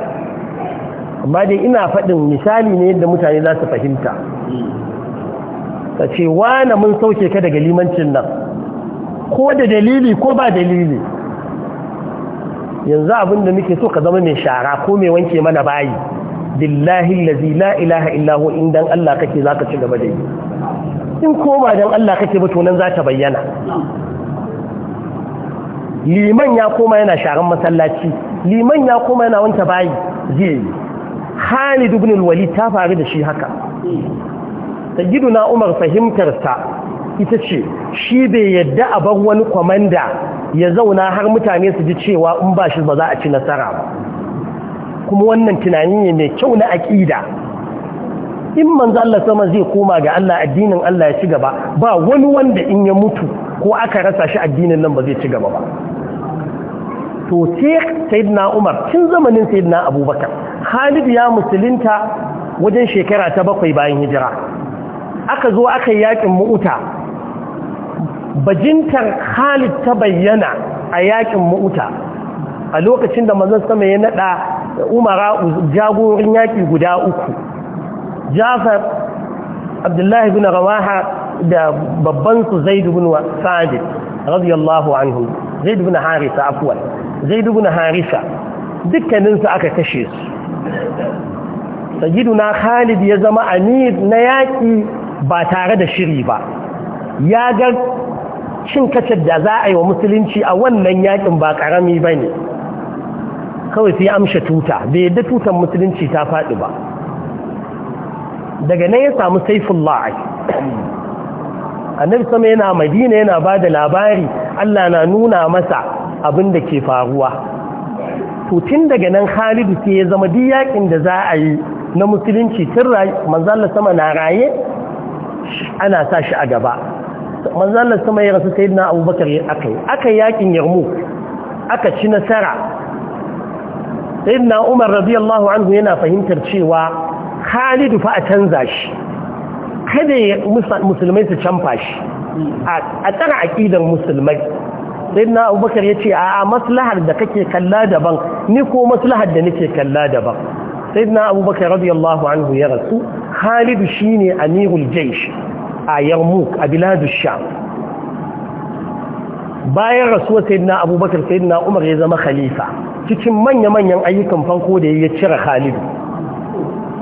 amma dai ina faɗin misali ne yadda mutane za su fahimta ka ce wane mun sauke ka daga limancin nan ko da dalili ko ba dalili yanzu abin da muke so ka zama mai shara ko mai wanke mana bayi billahi allazi la ilaha illa hu in Allah kake zaka ci gaba da yi in koma dan Allah kake ba to nan za bayyana liman ya koma yana sharan masallaci liman ya koma yana wanke bayi zai Khalid ibn al ta faru da shi haka sayyiduna Umar fahimtar sa ita ce shi bai yadda a bar wani kwamanda ya zauna har mutane su ji cewa in ba shi ba za a ci nasara ba kuma wannan tunani ne mai kyau na aƙida in manzo Allah sama zai koma ga Allah addinin Allah ya ci gaba ba wani wanda in ya mutu ko aka rasa shi addinin nan ba zai ci gaba ba to sai sayyidina Umar tun zamanin sayyidina Abubakar Khalid ya musulunta wajen shekara ta bakwai bayan hijira aka zo aka yi yakin mu'uta bajintar Khalid ta bayyana a yakin Mu'ta a lokacin da manzon sama ya nada Umara jagorin yaki guda uku Jafar Abdullahi ibn Rawaha da babban su Zaid ibn Sa'id radiyallahu anhu Zaid ibn Harisa afwan Zaid ibn Harisa dukkanin su aka kashe su Sayyiduna Khalid ya zama amir na yaki ba tare da shiri ba ya ga cin kacar da za a yi wa musulunci a wannan yakin ba karami ba ne kawai sai amsha tuta bai yadda tutan musulunci ta faɗi ba daga nan ya samu saifin la'ai annabi sama yana madina yana ba da labari allah na nuna masa abin da ke faruwa tun daga nan khalidu sai ya zama duk yakin da za a yi na musulunci tun manzala sama na raye ana sa shi a gaba manzo Allah sama ya rasu sayyidina Abubakar ya akai akai yakin Yarmuk aka ci nasara sayyidina Umar radiyallahu anhu yana fahimtar cewa Khalid fa a canza shi kada musulmai su canfa shi a tsara aqidar musulmai sayyidina Abubakar ya ce a maslahar da kake kalla daban ni ko maslahar da nake kalla daban sayyidina Abubakar radiyallahu anhu ya rasu Khalid shine amirul jaysh a yarmouk a biladu sham bayan rasuwa sayidina abubakar sayidina umar ya zama khalifa cikin manya-manyan ayyukan fanko da ya cire khalidu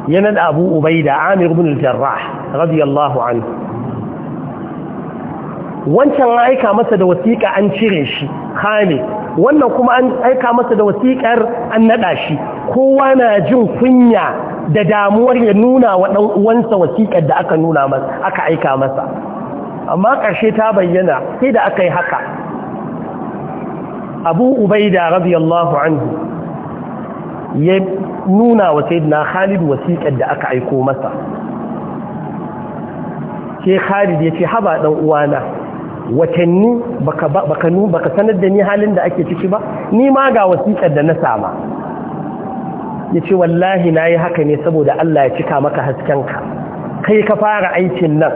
ya abu ubaida amir bin jarrah radiyallahu anhu wancan aika masa da wasiƙa an cire shi khali wannan kuma an aika masa da wasiƙar an naɗa shi kowa na jin kunya da damuwar ya nuna wa ɗan uwansa wasiƙar da aka nuna masa aka aika masa amma ƙarshe ta bayyana sai da aka yi haka abu ubaida radiyallahu anhu ya nuna wa sayyidina khalid wasiƙar da aka aiko masa sai khalid ya ce haba ɗan uwana watanni baka baka sanar da ni halin da ake ciki ba ni ma ga wasiƙar da na sama yace wallahi nayi haka ne saboda Allah ya cika maka hasken ka. kai ka fara aikin nan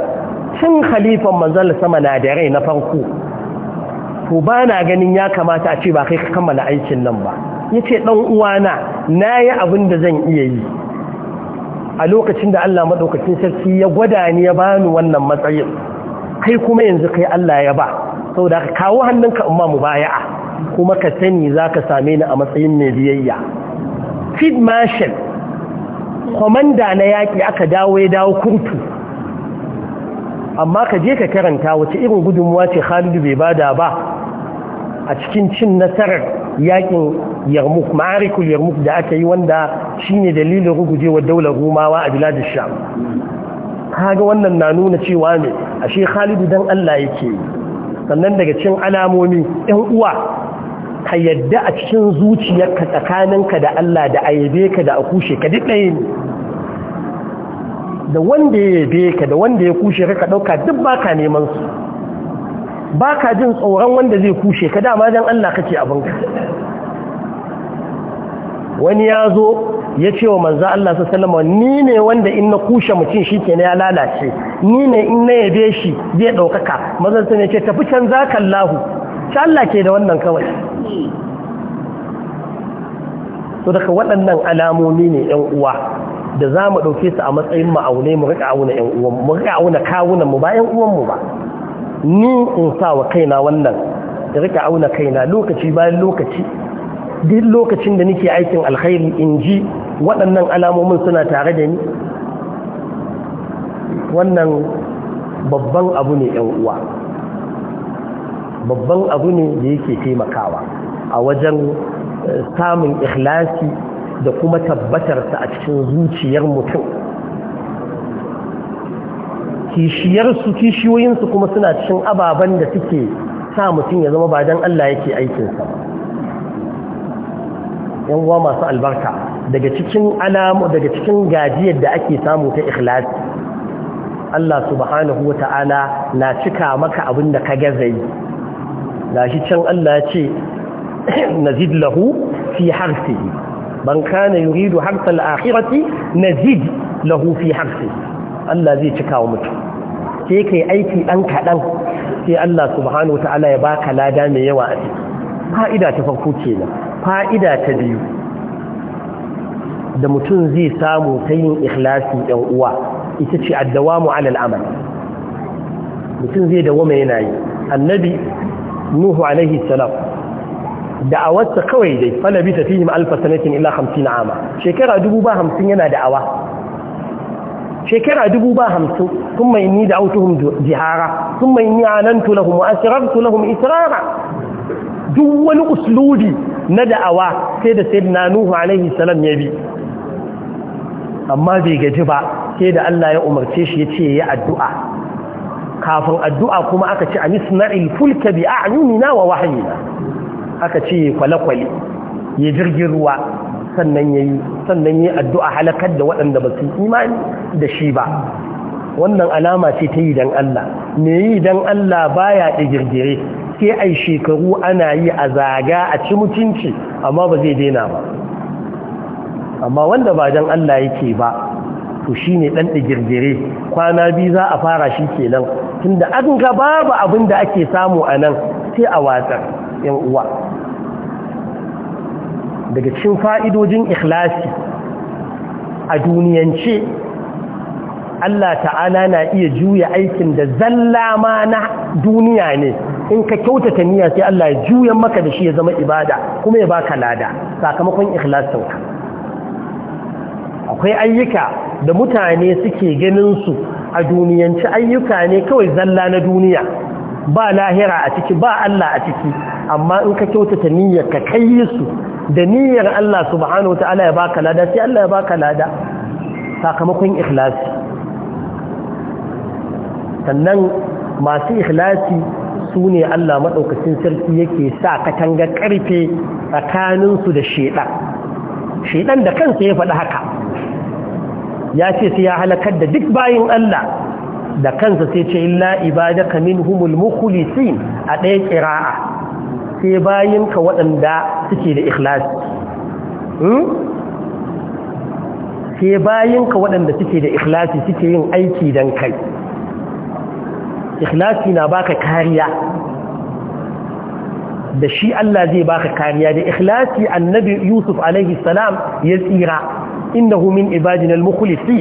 tun khalifan manzon sama na da rai na farko to ba na ganin ya kamata a ce ba kai ka kammala aikin nan ba yace dan uwana nayi abin da zan iya yi a lokacin da Allah madaukakin sarki ya gwada ni ya bani wannan matsayin kai kuma yanzu kai Allah ya ba saboda ka kawo hannunka baya a, kuma ka sani za ka same ni a matsayin mai biyayya field marshal kwamanda na yaki aka dawo ya dawo kurtu amma ka je ka karanta wace irin gudunmuwa ce halidu bai bada ba a cikin cin nasarar yaƙin Yarmuk. ma'arikul Yarmuk da aka yi wanda shine dalilin rugujewar daular Rumawa a biladar Sham kaga wannan na nuna cewa ne ashe Khalidu don Allah yake yi sannan daga cikin alamomi ɗan uwa ka yadda a cikin zuciyarka tsakaninka da Allah da yabe ka da a kushe ka duk ɗaya ne da wanda ya yabe ka da wanda ya kushe ka ɗauka duk baka neman su baka jin tsoron wanda zai kushe ka dama don Allah kake abinka wani ya zo ya ce wa manzo Allah sallallahu ni ne wanda in na kushe mutum shikenan ya lalace ni ne in na yabe shi zai ɗaukaka manzo sai ya ce tafi can lahu sha Allah ke da wannan kawai to daga waɗannan alamomi ne yan uwa da za mu ɗauke su a matsayin ma'aunai mu rika auna yan uwan mu rika auna kawunan mu ba yan uwan mu ba ni in sa wa kaina wannan da rika auna kaina lokaci bayan lokaci duk lokacin da nake aikin alkhairi in ji waɗannan alamomin suna tare da ni wannan babban abu ne yan uwa babban abu ne da yake taimakawa a wajen eh, samun ikhlasi da kuma tabbatarsa a cikin zuciyar mutum kishiyarsu kishiyoyinsu kuma suna cikin ababen da suke sa mutum ya zama ba don Allah yake aikinsa ba yan uwa masu albarka daga cikin alamu daga cikin gajiyar da ake samu ta ikhlasi Allah subhanahu wa ta'ala na cika maka abin da ka gazayi gashi can Allah ya ce nazid lahu fi harfihi ban kana yuridu harfal akhirati nazid lahu fi harfihi Allah zai cika wa mutum sai kai aiki dan kaɗan sai Allah subhanahu wa ta'ala ya baka lada mai yawa a ciki fa'ida ta farko kenan fa'ida ta biyu da mutum zai samu ta yin ikhlasi ɗan uwa ita ce addawamu mu'alal amal mutum zai dawama yana yi annabi nuhu alaihi salam da'awarsa kawai dai falabi ta fihim alfa sanatin ila hamsin ama shekara dubu ba hamsin yana da'awa shekara dubu ba hamsin sun mai ni da autuhun jihara sun mai ni anantu lahum wa asirartu lahum israra duk wani uslubi na da'awa sai da na nuhu alaihi salam ya bi amma bai gaji ba sai da Allah ya umarce shi ya ce ya addu'a kafin addu'a kuma aka ce an isma'il fulka bi a'yunina wa wahyina aka ce kwale-kwale ya jirgin ruwa sannan yayi sannan yayi addu'a halakar da waɗanda ba su imani da shi ba wannan alama ce ta yi dan Allah me yi dan Allah baya da ke ai shekaru ana yi a zaga a ci mutunci amma ba zai daina ba amma wanda ba dan Allah yake ba to shine dan girgire kwana biyu za a fara shi kenan tunda an ga babu abin da ake samu a nan sai a watsar yan uwa daga cikin fa'idojin ikhlasi a duniyance Allah ta'ala na iya juya aikin da zalla ma na duniya ne in ka kyautata niyya sai Allah ya juyan maka da shi ya zama ibada kuma ya baka lada sakamakon ikhlas akwai ayyuka da mutane suke ganin su a duniyanci ayyuka ne kawai zalla na duniya ba lahira a ciki ba Allah a ciki amma in ka kyautata niyyar ka kai su da niyyar Allah subhanahu wataala ya baka lada sai Allah ya baka lada sakamakon ikhlas sannan masu ikhlasi su ne Allah maɗaukacin sarki yake sa katanga ƙarfe tsakaninsu da shaiɗan shaiɗan da kansa ya faɗi haka ya ce sai ya halakar da duk bayin Allah da kansa sai ce illa ibadaka minhumul mukhlisin a ɗaya ƙira'a sai ka waɗanda suke da ikhlasi hmm? sai ka waɗanda suke da ikhlasi suke yin aiki don kai ikhlasi na baka kariya da shi Allah zai baka kariya da ikhlasi annabi Yusuf alaihi salam ya tsira innahu min ibadina al-mukhlisi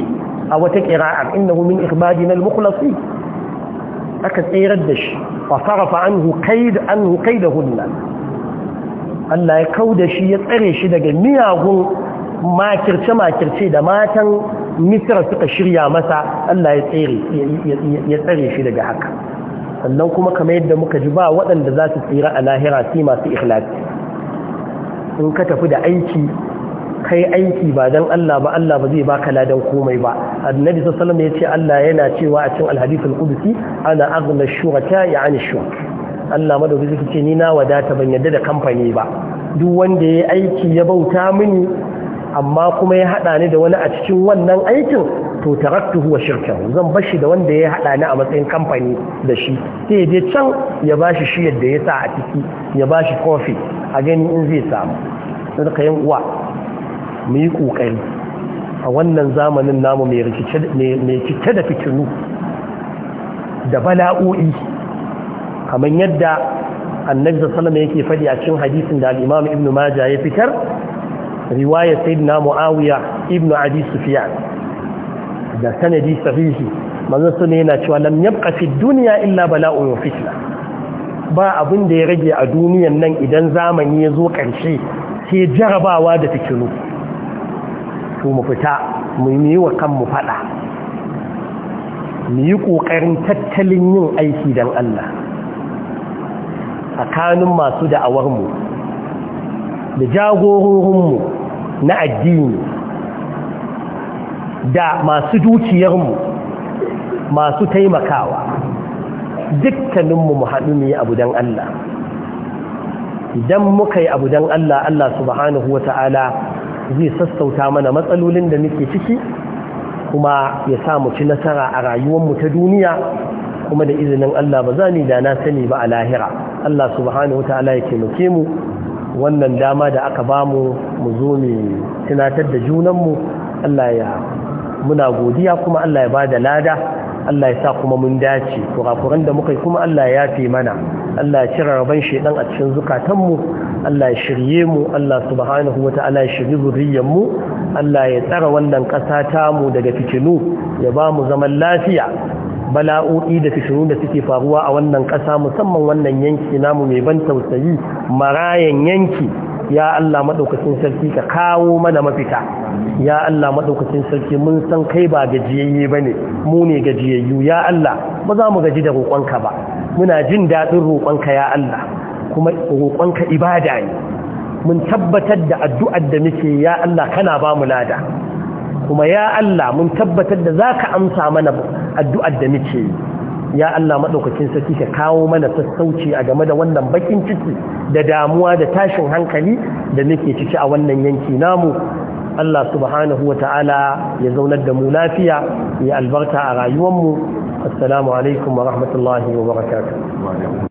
a wata qira'a innahu min ibadina al-mukhlisi aka tsira da shi wa sarafa anhu qaid anhu kaidahunna Allah ya kauda shi ya tsare shi daga miyagun makirce makirce da matan misra suka shirya masa Allah ya tsere ya tsare shi daga haka sannan kuma kamar yadda muka ji ba waɗanda za su tsira a lahira sai masu ikhlasi in ka tafi da aiki kai aiki ba dan Allah ba Allah ba zai baka ladan komai ba annabi sallallahu alaihi ya ce Allah yana cewa a cikin alhadith al ana aghna shuraka yani shurk Allah zai ce ni na wadata ban yadda da kamfani ba duk wanda yayi aiki ya bauta mini amma kuma ya haɗa ni da wani a cikin wannan aikin to taraktuhu wa shirkahu zan bashi da wanda ya haɗa ni a matsayin kamfani da shi sai je can ya bashi shi yadda ya sa a ciki ya bashi kofi a gani in zai samu sai ka uwa mu yi kokari a wannan zamanin namu mai rikice mai cike da fitinu da bala'o'i kamar yadda annabi sallallahu alaihi wasallam yake faɗi a cikin hadisin da al-imam ibn majah ya fitar riwaya sayyidina muawiya ibnu abi sufyan da sanadi sahihi manzo sunne yana cewa lam yabqa fi dunya illa bala'un wa fitna ba abin da ya rage a duniyan nan idan zamani ya zo karshe ke jarabawa da fitinu to mu fita mu yi wa kanmu fada mu yi kokarin tattalin yin aiki dan Allah tsakanin masu da'awarmu da jagororinmu na addini da masu dukiyarmu masu taimakawa dukkaninmu mu haɗu mu yi abu don Allah idan muka yi abu don Allah Allah subhanahu wa ta'ala zai sassauta mana matsalolin da muke ciki kuma ya sa mu ci nasara a rayuwarmu ta duniya kuma da izinin Allah ba za ni da na sani ba a lahira Allah subhanahu wa ta'ala ya taimake mu wannan dama da aka bamu mu zo mu tunatar da junanmu Allah ya muna godiya kuma Allah ya ba da lada Allah ya sa kuma mun dace kurakuran da muka yi kuma Allah ya yafe mana Allah ya cire rabon shedan a cikin zukatanmu Allah ya shirye mu Allah subhanahu wa ta'ala ya shirye zuriyar mu Allah ya tsara wannan ƙasa mu daga fitinu ya ba mu zaman lafiya bala'o'i da fitinu da suke faruwa a wannan ƙasa musamman wannan yanki namu mai ban tausayi marayan yanki ya Allah maɗaukacin sarki ka kawo mana mafita ya Allah maɗaukacin sarki mun san kai ba gajiyayye ba ne mu ne gajiyayyu ya Allah ba za mu gaji da roƙonka ba muna jin daɗin roƙonka ya Allah kuma roƙonka ibada ne mun tabbatar da addu'ar da muke ya Allah kana ba mu lada kuma ya Allah mun tabbatar da za ka amsa mana addu'ar da muke yi ya Allah maɗaukakin sarki ka kawo mana sassauci a game da wannan bakin ciki da damuwa da tashin hankali da muke ciki a wannan yanki namu Allah subhanahu wa ta'ala ya zaunar da mu lafiya ya albarta a rayuwanmu assalamu alaikum wa rahmatullahi wa barakatuh